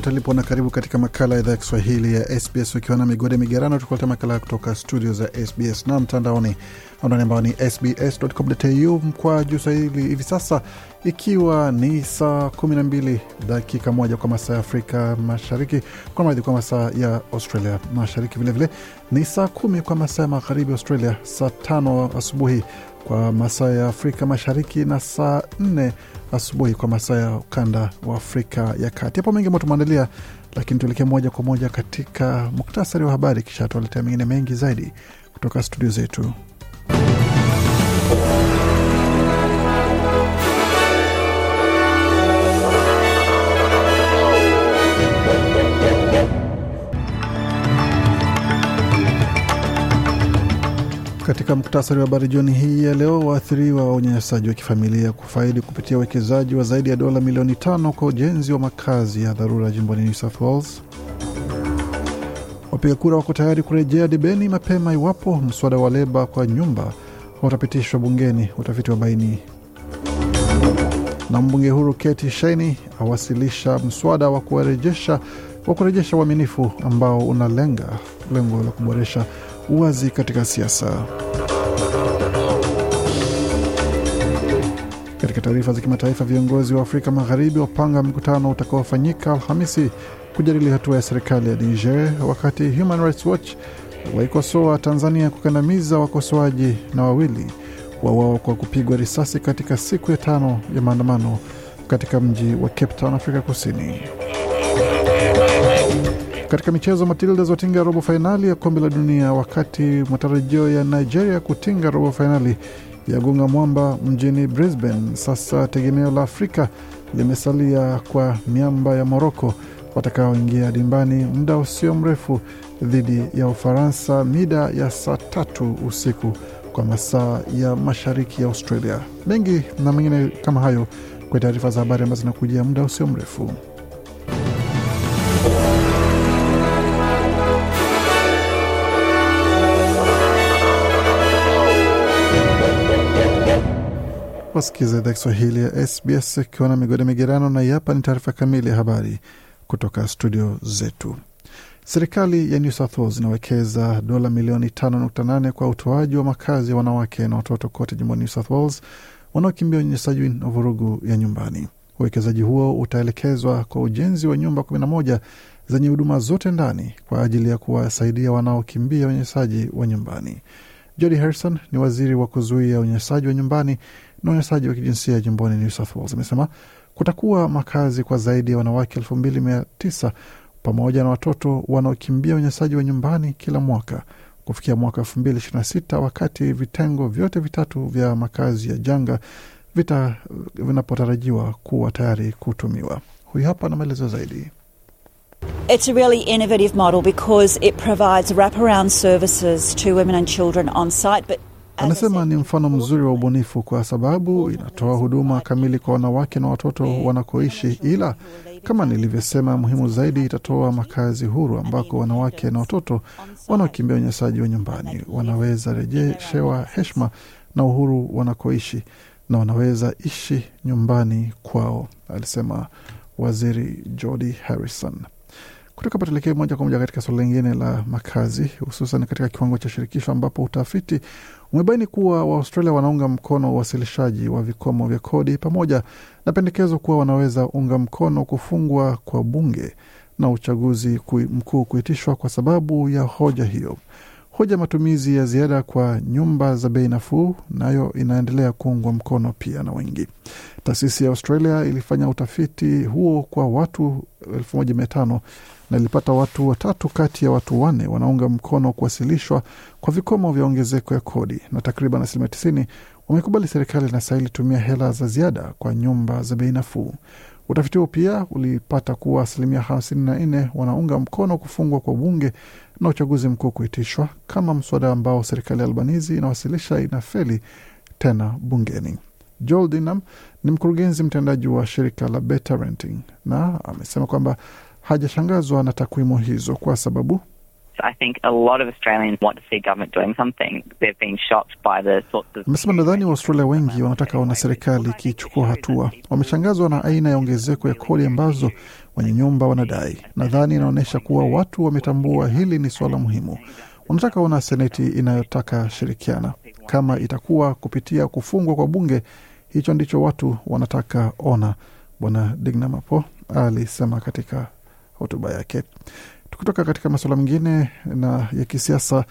popote alipo na karibu katika makala ya idhaa ya Kiswahili ya SBS ukiwa na migode migerano, tukuletea makala kutoka studio za SBS na mtandaoni, anwani ambao ni sbs.com.au mkwa juu swahili hivi sasa ikiwa ni saa 12 dakika moja kwa masaa ya Afrika Mashariki, kwa mradhi, kwa masaa ya Australia Mashariki, vilevile ni saa kumi kwa masaa ya magharibi Australia, saa tano asubuhi kwa masaa ya Afrika Mashariki na saa nne asubuhi kwa masaa ya ukanda wa Afrika ya Kati. Hapo mengi ambayo tumeandalia, lakini tuelekee moja kwa moja katika muktasari wa habari, kisha tualetea mengine mengi zaidi kutoka studio zetu. Katika muktasari wa habari jioni hii ya leo, waathiriwa wa unyanyasaji wa kifamilia kufaidi kupitia uwekezaji wa zaidi ya dola milioni tano kwa ujenzi wa makazi ya dharura jimboni New South Wales. Wapiga kura wako tayari kurejea debeni mapema iwapo mswada wa leba kwa nyumba watapitishwa bungeni, utafiti wa baini. Na mbunge huru Keti Shaini awasilisha mswada wa kuwarejesha wa kurejesha uaminifu ambao unalenga lengo la kuboresha uwazi katika siasa. Katika taarifa za kimataifa, viongozi wa Afrika Magharibi wapanga mkutano utakaofanyika Alhamisi kujadili hatua ya serikali ya Niger, wakati Human Rights Watch waikosoa Tanzania kukandamiza wakosoaji na wawili wawao kwa kupigwa risasi katika siku ya tano ya maandamano katika mji wa Cape Town, Afrika Kusini. Katika michezo, Matildas watinga robo fainali ya kombe la dunia, wakati matarajio ya Nigeria kutinga robo fainali ya gunga mwamba mjini Brisbane. Sasa tegemeo la Afrika limesalia kwa miamba ya Moroko watakaoingia dimbani muda usio mrefu dhidi ya Ufaransa mida ya saa tatu usiku kwa masaa ya mashariki ya Australia. Mengi na mengine kama hayo kwa taarifa za habari ambazo zinakujia muda usio mrefu. wasikiliza idhaa Kiswahili ya SBS akiwa na migode migerano, na hapa ni taarifa kamili ya habari kutoka studio zetu. Serikali ya New South Wales inawekeza dola milioni 5.8 kwa utoaji wa makazi ya wanawake na watoto kote jimboni New South Wales wanaokimbia unyanyasaji wa vurugu ya nyumbani. Uwekezaji huo utaelekezwa kwa ujenzi wa nyumba 11 zenye huduma zote ndani kwa ajili ya kuwasaidia wanaokimbia unyanyasaji wa nyumbani. Jody Harrison ni waziri wa kuzuia unyanyasaji wa nyumbani na unyanyasaji wa kijinsia jimboni New South Wales imesema kutakuwa makazi kwa zaidi ya wanawake elfu mbili mia tisa pamoja na watoto wanaokimbia unyanyasaji wa nyumbani kila mwaka kufikia mwaka elfu mbili ishirini na sita wakati vitengo vyote vitatu vya makazi ya janga vita vinapotarajiwa kuwa tayari kutumiwa. Huyu hapa na maelezo zaidi. It's a really innovative model because it provides wraparound services to women and children on site but Anasema ni mfano mzuri wa ubunifu kwa sababu inatoa huduma kamili kwa wanawake na watoto wanakoishi, ila kama nilivyosema, muhimu zaidi, itatoa makazi huru ambako wanawake na watoto wanaokimbia unyanyasaji wa nyumbani wanaweza rejeshewa heshima na uhuru wanakoishi na wanaweza ishi nyumbani kwao, alisema Waziri jordi Harrison. Kutoka hapa tuelekee moja kwa moja katika suala lingine la makazi, hususan katika kiwango cha shirikisho ambapo utafiti umebaini kuwa Waaustralia wanaunga mkono uwasilishaji wa vikomo vya kodi pamoja na pendekezo kuwa wanaweza unga mkono kufungwa kwa bunge na uchaguzi mkuu kuitishwa kwa sababu ya hoja hiyo hoja matumizi ya ziada kwa nyumba za bei nafuu nayo inaendelea kuungwa mkono pia na wengi. Taasisi ya Australia ilifanya utafiti huo kwa watu elfu moja mia tano na ilipata watu watatu kati ya watu wanne wanaunga mkono kuwasilishwa kwa vikomo vya ongezeko ya kodi na takriban asilimia tisini wamekubali serikali inastahili tumia hela za ziada kwa nyumba za bei nafuu. Utafiti huo pia ulipata kuwa asilimia 54 wanaunga mkono kufungwa kwa bunge na uchaguzi mkuu kuitishwa kama mswada ambao serikali ya Albanizi inawasilisha inafeli tena bungeni. Joel Dinam ni mkurugenzi mtendaji wa shirika la Beta Renting na amesema kwamba hajashangazwa na takwimu hizo kwa sababu Amesema nadhani Waaustralia wengi wanataka ona serikali ikichukua hatua. Wameshangazwa na aina ya ongezeko ya kodi ambazo wenye nyumba wanadai. Nadhani inaonyesha kuwa watu wametambua hili ni suala muhimu. Wanataka ona seneti inayotaka shirikiana, kama itakuwa kupitia kufungwa kwa bunge. Hicho ndicho watu wanataka ona, Bwana Dignamapo alisema katika hotuba yake. Tukitoka katika masuala mengine na ya kisiasa eh,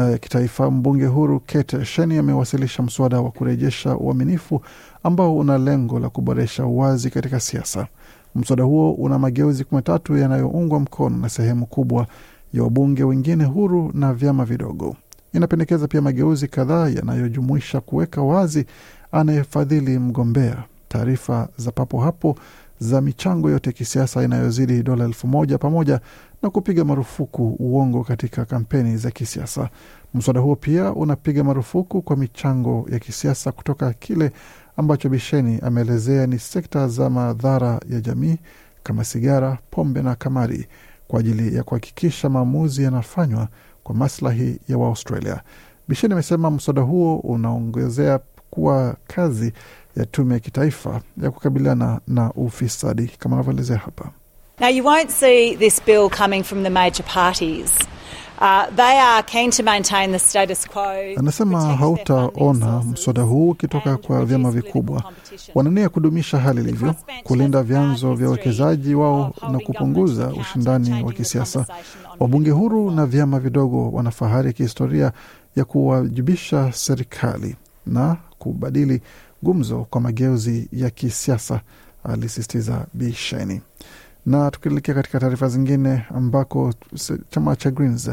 ya uh, kitaifa, mbunge huru Kate Sheni amewasilisha mswada wa kurejesha uaminifu ambao una lengo la kuboresha uwazi katika siasa. Mswada huo una mageuzi kumi na tatu yanayoungwa mkono na sehemu kubwa ya wabunge wengine huru na vyama vidogo. Inapendekeza pia mageuzi kadhaa yanayojumuisha kuweka wazi anayefadhili mgombea, taarifa za papo hapo za michango yote ya kisiasa inayozidi dola elfu moja pamoja na kupiga marufuku uongo katika kampeni za kisiasa. Mswada huo pia unapiga marufuku kwa michango ya kisiasa kutoka kile ambacho Bisheni ameelezea ni sekta za madhara ya jamii kama sigara, pombe na kamari kwa ajili ya kuhakikisha maamuzi yanafanywa kwa maslahi ya Waaustralia. Bisheni amesema mswada huo unaongezea kuwa kazi ya tume ya kitaifa ya kukabiliana na ufisadi kama anavyoelezea hapa. Now you won't see this bill coming from the major parties. Uh, Anasema hautaona mswada huu ukitoka kwa vyama vikubwa. Wanania kudumisha hali ilivyo, kulinda vyanzo vya uwekezaji wao na kupunguza ushindani wa kisiasa. Wabunge huru na vyama vidogo wana fahari ya kihistoria ya kuwajibisha serikali na kubadili gumzo kwa mageuzi ya kisiasa, alisisitiza Bisheni. Na tukielekea katika taarifa zingine, ambako chama cha Greens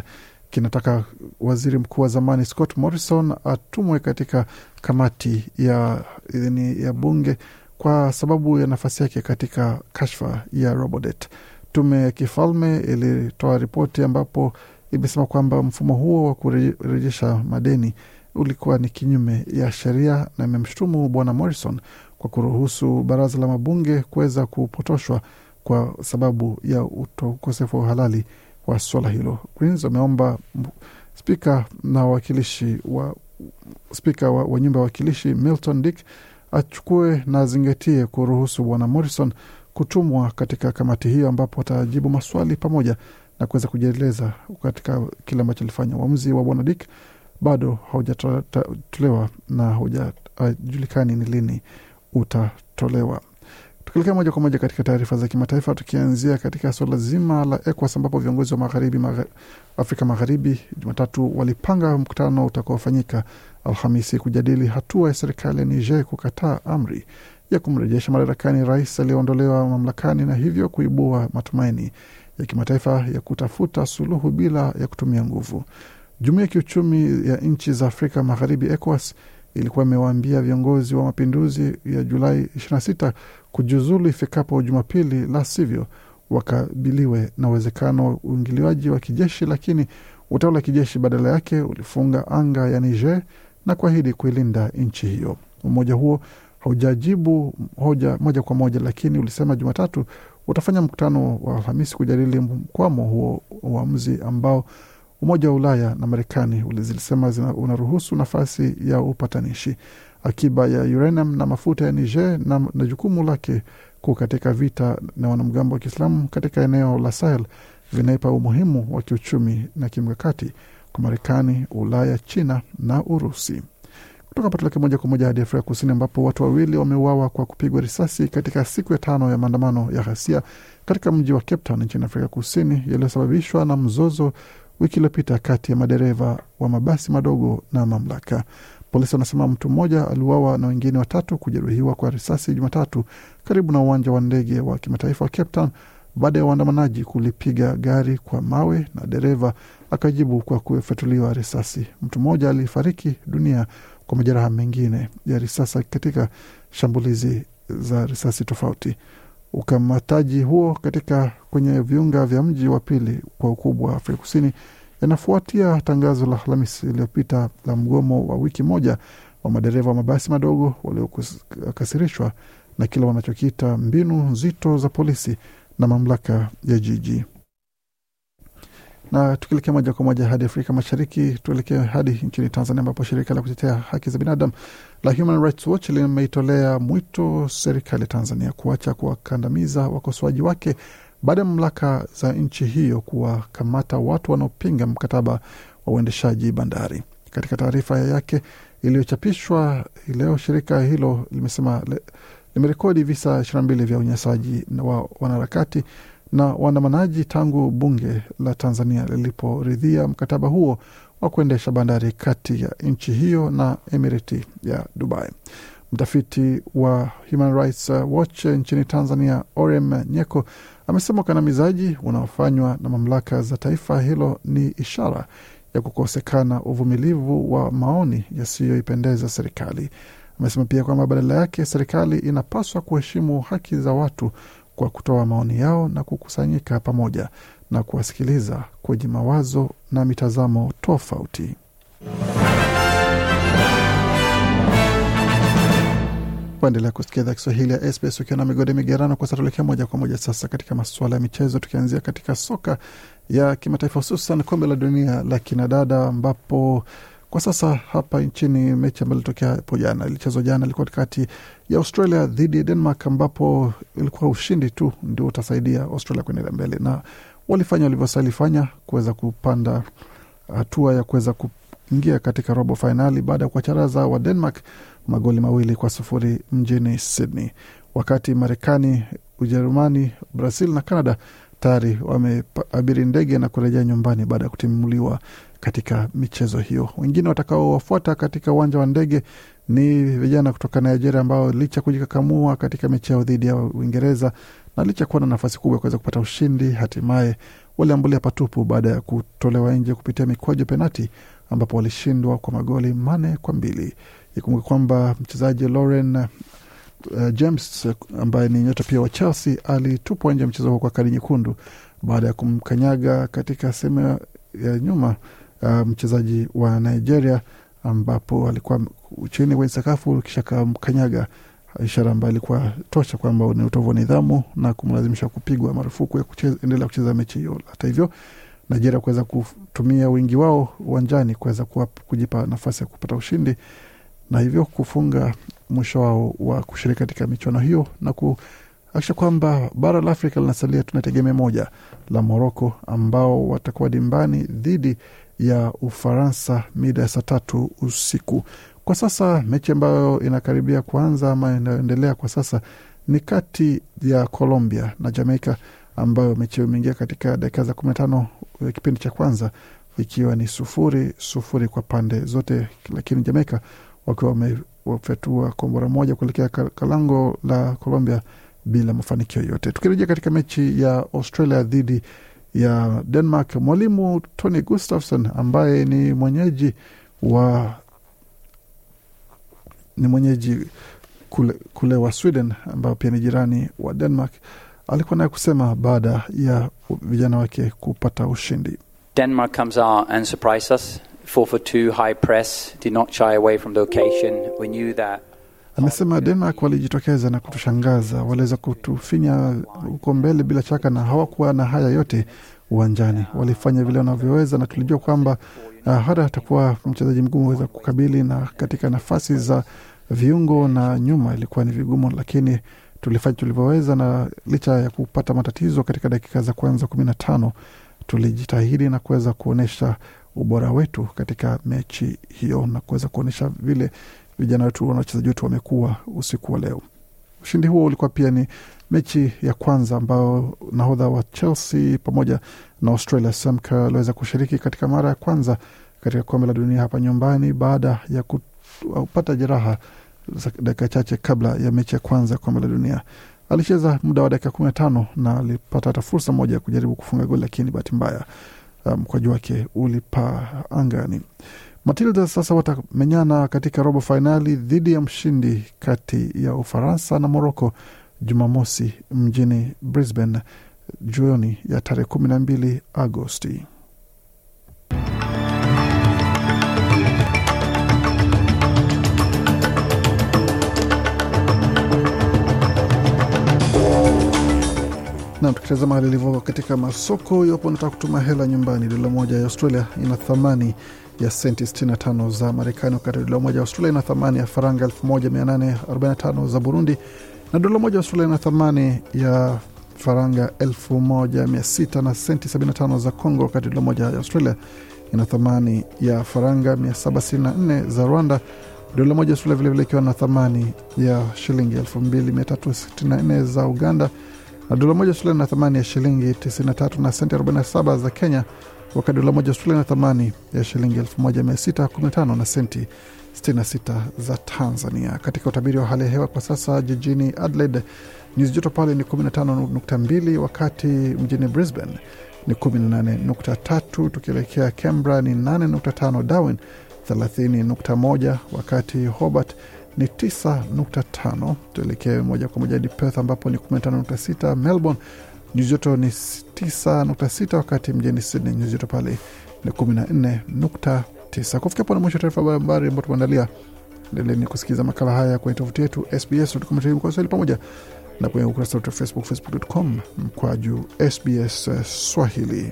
kinataka waziri mkuu wa zamani Scott Morrison atumwe katika kamati ya idhini ya bunge kwa sababu ya nafasi yake katika kashfa ya Robodebt. Tume ya kifalme ilitoa ripoti ambapo imesema kwamba mfumo huo wa kurejesha madeni ulikuwa ni kinyume ya sheria na imemshutumu Bwana Morrison kwa kuruhusu baraza la mabunge kuweza kupotoshwa kwa sababu ya ukosefu wa uhalali wa swala hilo. Greens wameomba spika na wawakilishi wa spika wa, wa nyumba ya wakilishi Milton Dick achukue na azingatie kuruhusu Bwana Morrison kutumwa katika kamati hiyo ambapo atajibu maswali pamoja na kuweza kujieleza katika kile ambacho alifanya. Uamuzi wa Bwana Dick bado haujatolewa na haujajulikani ni lini utatolewa. Tukielekea moja kwa moja katika taarifa za kimataifa, tukianzia katika suala zima la ECOWAS ambapo viongozi wa magharibi magha, Afrika Magharibi Jumatatu walipanga mkutano utakaofanyika Alhamisi kujadili hatua ya serikali ya Niger kukataa amri ya kumrejesha madarakani rais aliyeondolewa mamlakani na hivyo kuibua matumaini ya kimataifa ya kutafuta suluhu bila ya kutumia nguvu jumuia ya kiuchumi ya nchi za Afrika Magharibi, ECOWAS, ilikuwa imewaambia viongozi wa mapinduzi ya Julai 26 kujiuzulu ifikapo Jumapili, la sivyo wakabiliwe na uwezekano wa uingiliwaji wa kijeshi, lakini utawala wa kijeshi badala yake ulifunga anga ya Niger na kuahidi kuilinda nchi hiyo. Umoja huo haujajibu hoja moja kwa moja, lakini ulisema Jumatatu utafanya mkutano wa Alhamisi kujadili mkwamo huo, uamuzi ambao Umoja wa Ulaya na Marekani zilisema unaruhusu nafasi ya upatanishi. Akiba ya uranium na mafuta ya Niger na, na jukumu lake kuu katika vita na wanamgambo wa Kiislamu katika eneo la Sahel vinaipa umuhimu wa kiuchumi na kimkakati kwa Marekani, Ulaya, China na Urusi. Kutoka Patulake moja kwa moja hadi Afrika Kusini, ambapo watu wawili wameuawa kwa kupigwa risasi katika siku ya tano ya maandamano ya ghasia katika mji wa Cape Town nchini Afrika Kusini, yaliyosababishwa na mzozo wiki iliyopita kati ya madereva wa mabasi madogo na mamlaka. Polisi wanasema mtu mmoja aliuawa na wengine watatu kujeruhiwa kwa risasi Jumatatu karibu na uwanja wa ndege wa kimataifa wa Cape Town baada ya waandamanaji kulipiga gari kwa mawe na dereva akajibu kwa kufyatuliwa risasi. Mtu mmoja alifariki dunia kwa majeraha mengine ya risasi katika shambulizi za risasi tofauti. Ukamataji huo katika kwenye viunga vya mji wa pili kwa ukubwa wa Afrika Kusini yanafuatia tangazo la Alhamisi iliyopita la mgomo wa wiki moja wa madereva wa mabasi madogo waliokasirishwa na kile wanachokiita mbinu nzito za polisi na mamlaka ya jiji. Na tukielekea moja kwa moja hadi Afrika Mashariki, tuelekee hadi nchini Tanzania, ambapo shirika la kutetea haki za binadamu la Human Rights Watch limeitolea mwito serikali ya Tanzania kuacha kuwakandamiza wakosoaji wake baada ya mamlaka za nchi hiyo kuwakamata watu wanaopinga mkataba wa uendeshaji bandari. Katika taarifa yake iliyochapishwa leo, shirika hilo limesema limerekodi visa 22 vya unyanyasaji wa wanaharakati na waandamanaji tangu bunge la Tanzania liliporidhia mkataba huo wa kuendesha bandari kati ya nchi hiyo na Emirati ya Dubai. Mtafiti wa Human Rights uh, Watch uh, nchini Tanzania, Orem Nyeko, amesema ukandamizaji unaofanywa na mamlaka za taifa hilo ni ishara ya kukosekana uvumilivu wa maoni yasiyoipendeza serikali. Amesema pia kwamba badala yake serikali inapaswa kuheshimu haki za watu kwa kutoa maoni yao na kukusanyika pamoja na kuwasikiliza kwenye mawazo na mitazamo tofauti. waendelea kusikia idhaa Kiswahili ya SBS ukiwa na migode migerano. Kwa sasa tuelekea moja kwa moja sasa katika masuala ya michezo, tukianzia katika soka ya kimataifa, hususan kombe la dunia la kinadada, ambapo kwa sasa hapa nchini mechi ambayo ilitokea hapo jana, ilichezwa jana, ilikuwa kati ya Australia dhidi ya Denmark, ambapo ilikuwa ushindi tu ndio utasaidia Australia kuendelea mbele, na walifanya walivyosalifanya kuweza kupanda hatua ya kuweza kuingia katika robo fainali baada ya kuwacharaza wa Denmark magoli mawili kwa sufuri mjini Sydney, wakati Marekani, Ujerumani, Brazil na Canada tayari wameabiri ndege na kurejea nyumbani baada ya kutimuliwa katika michezo hiyo. Wengine watakaowafuata katika uwanja wa ndege ni vijana kutoka Nigeria ambao licha kujikakamua katika mechi yao dhidi ya Uingereza na licha kuwa na nafasi kubwa ya kuweza kupata ushindi, hatimaye waliambulia patupu baada ya kutolewa nje kupitia mikwaju penati, ambapo walishindwa kwa magoli mane kwa mbili. Ikumbuka kwamba mchezaji Lauren uh, James uh, ambaye ni nyota pia wa Chelsea alitupwa nje ya mchezo huo kwa kadi nyekundu baada ya kumkanyaga katika sehemu ya nyuma uh, mchezaji wa Nigeria ambapo alikuwa chini kwenye sakafu kisha kamkanyaga, ishara ambayo ilikuwa tosha kwamba ni utovu wa nidhamu na kumlazimisha kupigwa marufuku ya kuendelea kucheza mechi hiyo. Hata hivyo, Nigeria kuweza kutumia wingi wao uwanjani kuweza kujipa nafasi ya kupata ushindi na hivyo kufunga mwisho wao wa kushiriki katika michuano hiyo na kuakisha kwamba bara la Afrika linasalia tuna tegemea moja la Moroko ambao watakuwa dimbani dhidi ya Ufaransa mida ya saa tatu usiku. Kwa sasa mechi ambayo inakaribia kuanza ama inayoendelea kwa sasa ni kati ya Colombia na Jamaica ambayo mechi imeingia katika dakika za kumi na tano kipindi cha kwanza ikiwa ni sufuri sufuri kwa pande zote, lakini Jamaica wakiwa wamefyatua kombora moja kuelekea kalango la Colombia bila mafanikio yote. Tukirejea katika mechi ya Australia dhidi ya Denmark, mwalimu Tony gustafson ambaye ni mwenyeji wa ni mwenyeji kule, kule wa Sweden ambao pia ni jirani wa Denmark alikuwa naye kusema baada ya vijana wake kupata ushindi. Denmark comes out and us 442 high press did not shy away from the occasion. We knew that Amesema Denmark walijitokeza na kutushangaza, waliweza kutufinya huko mbele bila shaka, na hawakuwa na haya yote uwanjani. Walifanya vile wanavyoweza, na tulijua kwamba uh, hata atakuwa mchezaji mgumu weza kukabili, na katika nafasi za viungo na nyuma ilikuwa ni vigumu, lakini tulifanya tulivyoweza, na licha ya kupata matatizo katika dakika za kwanza kumi na tano tulijitahidi na kuweza kuonyesha ubora wetu katika mechi hiyo na kuweza kuonyesha vile vijana wetu na wachezaji wetu wamekuwa usiku wa leo. Ushindi huo ulikuwa pia ni mechi ya kwanza ambayo nahodha wa Chelsea pamoja na Australia Sam Kerr aliweza kushiriki katika mara ya kwanza katika kombe la dunia hapa nyumbani baada ya kupata jeraha dakika chache kabla ya mechi ya kwanza ya kombe la dunia. Alicheza muda wa dakika kumi na tano na alipata hata fursa moja ya kujaribu kufunga goli, lakini bahati mbaya Uh, mkwaju um, wake ulipaa angani. Matilda sasa watamenyana katika robo fainali dhidi ya mshindi kati ya Ufaransa na Moroko Jumamosi mjini Brisbane jioni ya tarehe kumi na mbili Agosti. Nam, tukitazama hali ilivyo katika masoko, iwapo unataka kutuma hela nyumbani, dola moja ya Australia ina thamani ya senti 65 za Marekani, wakati dola moja ya Australia ina thamani ya faranga 1845 za Burundi, na dola moja ya Australia ina thamani ya faranga 1600 na senti 75 za Congo, wakati dola moja ya Australia ina thamani ya faranga 764 za Rwanda, dola moja ya Australia vilevile ikiwa na thamani ya shilingi 2364 za Uganda na dola moja Australia na thamani ya shilingi 93 na senti 47 za Kenya, wakati dola moja Australia na thamani ya shilingi 1615 na senti 66 za Tanzania. Katika utabiri wa hali ya hewa kwa sasa jijini Adelaide nyuzi joto pale ni 15.2, wakati mjini Brisbane ni 18.3, tukielekea Canberra ni 8.5, Darwin 30.1, wakati Hobart ni 9.5. Tuelekee moja kwa moja hadi Perth ambapo ni 15.6, Melbourne nyuzi joto ni 9.6, wakati mjini Sydney nyuzi joto pale ni 14.9. Kufikia hapo mwisho taarifa habari ambao tumeandalia. Endeleeni kusikiliza makala haya kwenye tovuti yetu sbs.com.au pamoja na kwenye ukurasa wetu wa Facebook, facebook.com mkwaju SBS Swahili.